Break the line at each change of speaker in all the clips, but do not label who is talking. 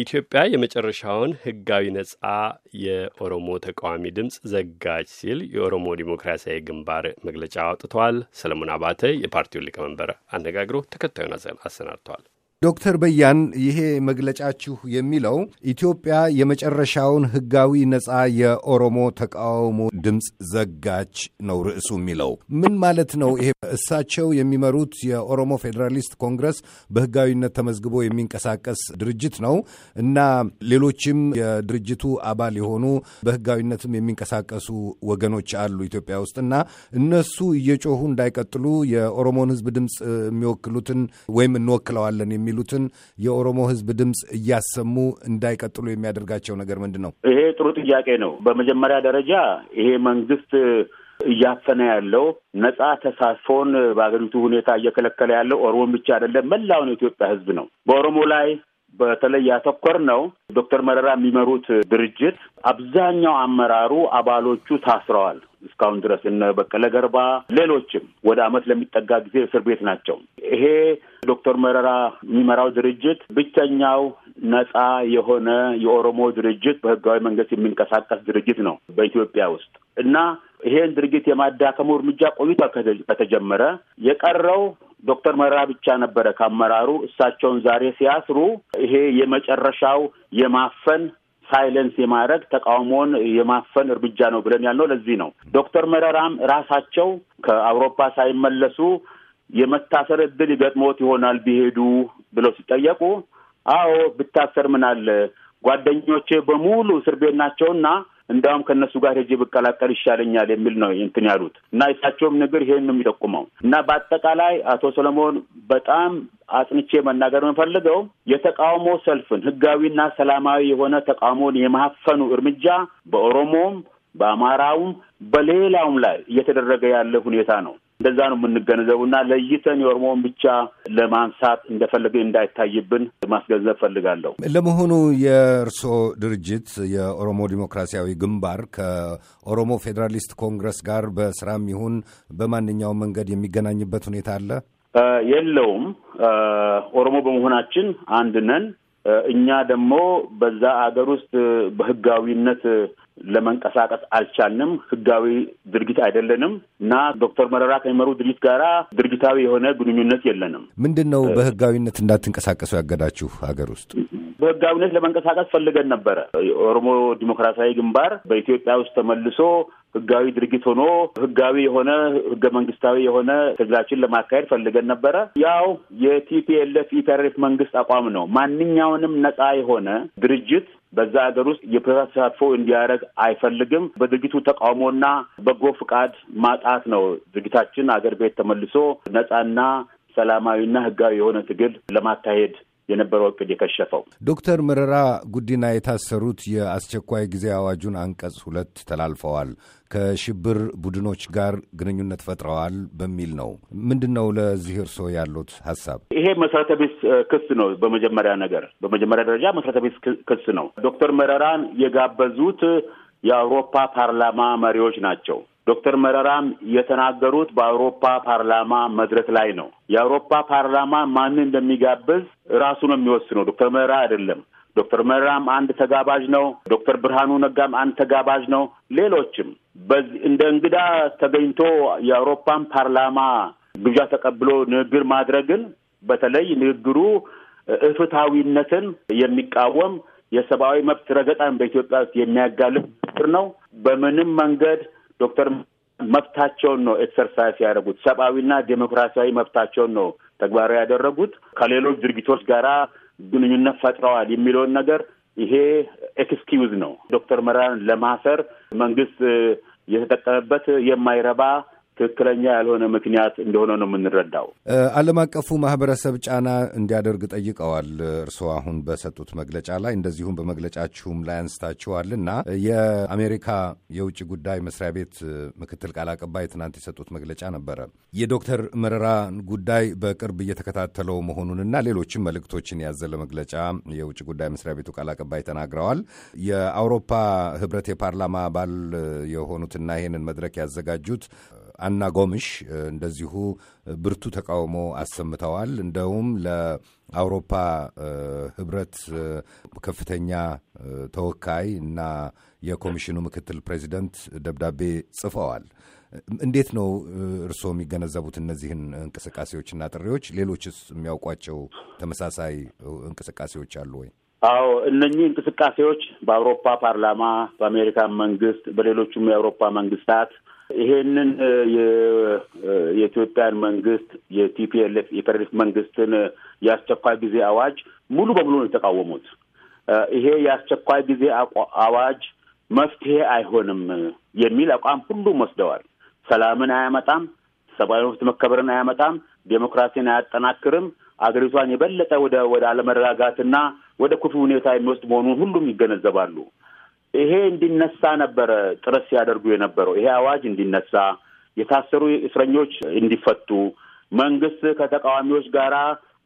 ኢትዮጵያ የመጨረሻውን ህጋዊ ነጻ የኦሮሞ ተቃዋሚ ድምፅ ዘጋጅ ሲል የኦሮሞ ዲሞክራሲያዊ ግንባር መግለጫ አውጥተዋል። ሰለሞን አባተ የፓርቲውን ሊቀመንበር አነጋግሮ ተከታዩን አሰናድተዋል።
ዶክተር በያን ይሄ መግለጫችሁ የሚለው ኢትዮጵያ የመጨረሻውን ህጋዊ ነፃ የኦሮሞ ተቃውሞ ድምፅ ዘጋች ነው ርዕሱ የሚለው ምን ማለት ነው? ይሄ እሳቸው የሚመሩት የኦሮሞ ፌዴራሊስት ኮንግረስ በህጋዊነት ተመዝግቦ የሚንቀሳቀስ ድርጅት ነው እና ሌሎችም የድርጅቱ አባል የሆኑ በህጋዊነትም የሚንቀሳቀሱ ወገኖች አሉ ኢትዮጵያ ውስጥ እና እነሱ እየጮሁ እንዳይቀጥሉ የኦሮሞን ህዝብ ድምፅ የሚወክሉትን ወይም እንወክለዋለን የሚሉትን የኦሮሞ ህዝብ ድምፅ እያሰሙ እንዳይቀጥሉ የሚያደርጋቸው ነገር ምንድን ነው?
ይሄ ጥሩ ጥያቄ ነው። በመጀመሪያ ደረጃ ይሄ መንግስት እያፈነ ያለው ነጻ ተሳትፎን በሀገሪቱ ሁኔታ እየከለከለ ያለው ኦሮሞን ብቻ አይደለም፣ መላውን የኢትዮጵያ ህዝብ ነው። በኦሮሞ ላይ በተለይ ያተኮር ነው። ዶክተር መረራ የሚመሩት ድርጅት አብዛኛው አመራሩ አባሎቹ ታስረዋል። እስካሁን ድረስ እነ በቀለ ገርባ፣ ሌሎችም ወደ አመት ለሚጠጋ ጊዜ እስር ቤት ናቸው። ይሄ ዶክተር መረራ የሚመራው ድርጅት ብቸኛው ነጻ የሆነ የኦሮሞ ድርጅት በህጋዊ መንግስት የሚንቀሳቀስ ድርጅት ነው በኢትዮጵያ ውስጥ እና ይሄን ድርጊት የማዳከሙ እርምጃ ቆይቶ ከተጀመረ የቀረው ዶክተር መረራ ብቻ ነበረ ከአመራሩ። እሳቸውን ዛሬ ሲያስሩ ይሄ የመጨረሻው የማፈን ሳይለንስ የማድረግ ተቃውሞውን የማፈን እርምጃ ነው ብለን ያልነው ለዚህ ነው። ዶክተር መረራም ራሳቸው ከአውሮፓ ሳይመለሱ የመታሰር እድል ይገጥሞት ይሆናል ቢሄዱ ብለው ሲጠየቁ አዎ ብታሰር ምናለ ጓደኞቼ በሙሉ እስር ቤት ናቸውና እንዳውም ከእነሱ ጋር ሄጄ ብቀላቀል ይሻለኛል የሚል ነው እንትን ያሉት እና የሳቸውም ንግር ይሄን ነው የሚጠቁመው እና በአጠቃላይ አቶ ሰለሞን በጣም አጽንቼ መናገር የምፈልገው የተቃውሞ ሰልፍን ህጋዊና ሰላማዊ የሆነ ተቃውሞን የማፈኑ እርምጃ በኦሮሞም በአማራውም በሌላውም ላይ እየተደረገ ያለ ሁኔታ ነው። እንደዛ ነው የምንገነዘቡ እና ለይተን የኦሮሞውን ብቻ ለማንሳት እንደፈለግን እንዳይታይብን ማስገንዘብ ፈልጋለሁ።
ለመሆኑ የእርስዎ ድርጅት የኦሮሞ ዲሞክራሲያዊ ግንባር ከኦሮሞ ፌዴራሊስት ኮንግረስ ጋር በስራም ይሁን በማንኛውም መንገድ የሚገናኝበት ሁኔታ አለ?
የለውም። ኦሮሞ በመሆናችን አንድ ነን። እኛ ደግሞ በዛ አገር ውስጥ በህጋዊነት ለመንቀሳቀስ አልቻልንም። ህጋዊ ድርጊት አይደለንም እና ዶክተር መረራ ከሚመሩ ድርጅት ጋራ ድርጅታዊ የሆነ ግንኙነት የለንም።
ምንድን ነው በህጋዊነት እንዳትንቀሳቀሱ ያገዳችሁ? ሀገር ውስጥ
በህጋዊነት ለመንቀሳቀስ ፈልገን ነበረ። የኦሮሞ ዲሞክራሲያዊ ግንባር በኢትዮጵያ ውስጥ ተመልሶ ህጋዊ ድርጊት ሆኖ ህጋዊ የሆነ ህገ መንግስታዊ የሆነ ትግላችን ለማካሄድ ፈልገን ነበረ። ያው የቲፒኤልኤፍ ኢፒአርኤፍ መንግስት አቋም ነው። ማንኛውንም ነፃ የሆነ ድርጅት በዛ ሀገር ውስጥ የፕሮሰስ ተሳትፎ እንዲያደረግ አይፈልግም። በድርጊቱ ተቃውሞና በጎ ፍቃድ ማጣት ነው። ድርጊታችን አገር ቤት ተመልሶ ነጻና ሰላማዊና ህጋዊ የሆነ ትግል ለማካሄድ የነበረው እቅድ የከሸፈው።
ዶክተር መረራ ጉዲና የታሰሩት የአስቸኳይ ጊዜ አዋጁን አንቀጽ ሁለት ተላልፈዋል፣ ከሽብር ቡድኖች ጋር ግንኙነት ፈጥረዋል በሚል ነው። ምንድን ነው ለዚህ እርስዎ ያሉት ሀሳብ?
ይሄ መሰረተ ቢስ ክስ ነው። በመጀመሪያ ነገር በመጀመሪያ ደረጃ መሰረተ ቢስ ክስ ነው። ዶክተር መረራን የጋበዙት የአውሮፓ ፓርላማ መሪዎች ናቸው። ዶክተር መረራም የተናገሩት በአውሮፓ ፓርላማ መድረክ ላይ ነው። የአውሮፓ ፓርላማ ማንን እንደሚጋብዝ ራሱ ነው የሚወስነው፣ ዶክተር መረራ አይደለም። ዶክተር መረራም አንድ ተጋባዥ ነው። ዶክተር ብርሃኑ ነጋም አንድ ተጋባዥ ነው። ሌሎችም በዚህ እንደ እንግዳ ተገኝቶ የአውሮፓን ፓርላማ ግብዣ ተቀብሎ ንግግር ማድረግን በተለይ ንግግሩ እፍታዊነትን የሚቃወም የሰብአዊ መብት ረገጣን በኢትዮጵያ ውስጥ የሚያጋልጥ ነው። በምንም መንገድ ዶክተር መብታቸውን ነው ኤክሰርሳይዝ ያደረጉት። ሰብአዊና ዴሞክራሲያዊ መብታቸውን ነው ተግባራዊ ያደረጉት። ከሌሎች ድርጊቶች ጋራ ግንኙነት ፈጥረዋል የሚለውን ነገር ይሄ ኤክስኪውዝ ነው። ዶክተር መራን ለማሰር መንግስት የተጠቀመበት የማይረባ ትክክለኛ ያልሆነ ምክንያት እንደሆነ ነው የምንረዳው።
ዓለም አቀፉ ማህበረሰብ ጫና እንዲያደርግ ጠይቀዋል። እርስዎ አሁን በሰጡት መግለጫ ላይ እንደዚሁም በመግለጫችሁም ላይ አንስታችኋል እና የአሜሪካ የውጭ ጉዳይ መስሪያ ቤት ምክትል ቃል አቀባይ ትናንት የሰጡት መግለጫ ነበረ። የዶክተር መረራን ጉዳይ በቅርብ እየተከታተለው መሆኑንና ሌሎችም መልእክቶችን ያዘለ መግለጫ የውጭ ጉዳይ መስሪያ ቤቱ ቃል አቀባይ ተናግረዋል። የአውሮፓ ህብረት የፓርላማ አባል የሆኑትና ይህንን መድረክ ያዘጋጁት አና ጎምሽ እንደዚሁ ብርቱ ተቃውሞ አሰምተዋል። እንደውም ለአውሮፓ ህብረት ከፍተኛ ተወካይ እና የኮሚሽኑ ምክትል ፕሬዚደንት ደብዳቤ ጽፈዋል። እንዴት ነው እርስዎ የሚገነዘቡት እነዚህን እንቅስቃሴዎችና ጥሪዎች? ሌሎችስ የሚያውቋቸው ተመሳሳይ እንቅስቃሴዎች አሉ ወይ?
አዎ እነኚህ እንቅስቃሴዎች በአውሮፓ ፓርላማ፣ በአሜሪካን መንግስት፣ በሌሎቹም የአውሮፓ መንግስታት ይሄንን የኢትዮጵያን መንግስት የቲፒኤልኤፍ የፌዴራሊስት መንግስትን የአስቸኳይ ጊዜ አዋጅ ሙሉ በሙሉ ነው የተቃወሙት። ይሄ የአስቸኳይ ጊዜ አዋጅ መፍትሄ አይሆንም የሚል አቋም ሁሉም ወስደዋል። ሰላምን አያመጣም፣ ሰብአዊ መብት መከበርን አያመጣም፣ ዴሞክራሲን አያጠናክርም፣ አገሪቷን የበለጠ ወደ ወደ አለመረጋጋትና ወደ ክፉ ሁኔታ የሚወስድ መሆኑን ሁሉም ይገነዘባሉ። ይሄ እንዲነሳ ነበረ ጥረት ሲያደርጉ የነበረው። ይሄ አዋጅ እንዲነሳ፣ የታሰሩ እስረኞች እንዲፈቱ፣ መንግስት ከተቃዋሚዎች ጋራ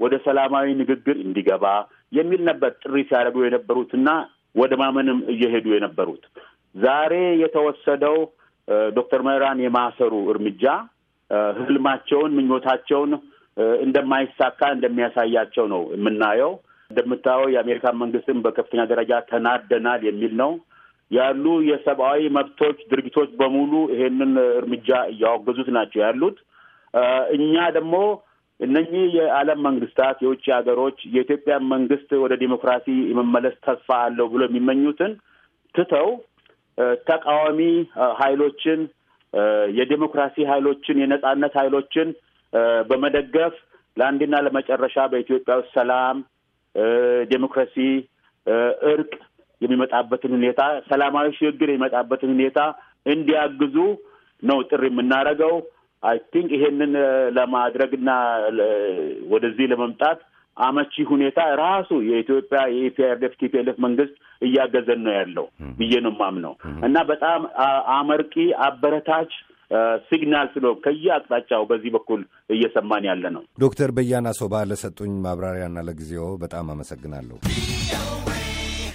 ወደ ሰላማዊ ንግግር እንዲገባ የሚል ነበር ጥሪ ሲያደርጉ የነበሩትና ወደ ማመንም እየሄዱ የነበሩት። ዛሬ የተወሰደው ዶክተር መራን የማሰሩ እርምጃ ህልማቸውን፣ ምኞታቸውን እንደማይሳካ እንደሚያሳያቸው ነው የምናየው። እንደምታየው የአሜሪካን መንግስትም በከፍተኛ ደረጃ ተናደናል የሚል ነው። ያሉ የሰብአዊ መብቶች ድርጅቶች በሙሉ ይሄንን እርምጃ እያወገዙት ናቸው ያሉት። እኛ ደግሞ እነኚህ የዓለም መንግስታት፣ የውጭ ሀገሮች የኢትዮጵያ መንግስት ወደ ዲሞክራሲ የመመለስ ተስፋ አለው ብሎ የሚመኙትን ትተው ተቃዋሚ ሀይሎችን የዴሞክራሲ ሀይሎችን የነጻነት ሀይሎችን በመደገፍ ለአንድና ለመጨረሻ በኢትዮጵያ ውስጥ ሰላም፣ ዴሞክራሲ፣ እርቅ የሚመጣበትን ሁኔታ ሰላማዊ ሽግግር የሚመጣበትን ሁኔታ እንዲያግዙ ነው ጥሪ የምናደርገው። አይ ቲንክ ይሄንን ለማድረግና ወደዚህ ለመምጣት አመቺ ሁኔታ ራሱ የኢትዮጵያ የኢፒአርዴፍ ቲፒኤልኤፍ መንግስት እያገዘን ነው ያለው ብዬ ነው የማምነው እና በጣም አመርቂ አበረታች ሲግናል ስሎ አቅጣጫው በዚህ በኩል እየሰማን ያለ ነው።
ዶክተር በያና ሶባ ለሰጡኝ ማብራሪያና ለጊዜው በጣም አመሰግናለሁ።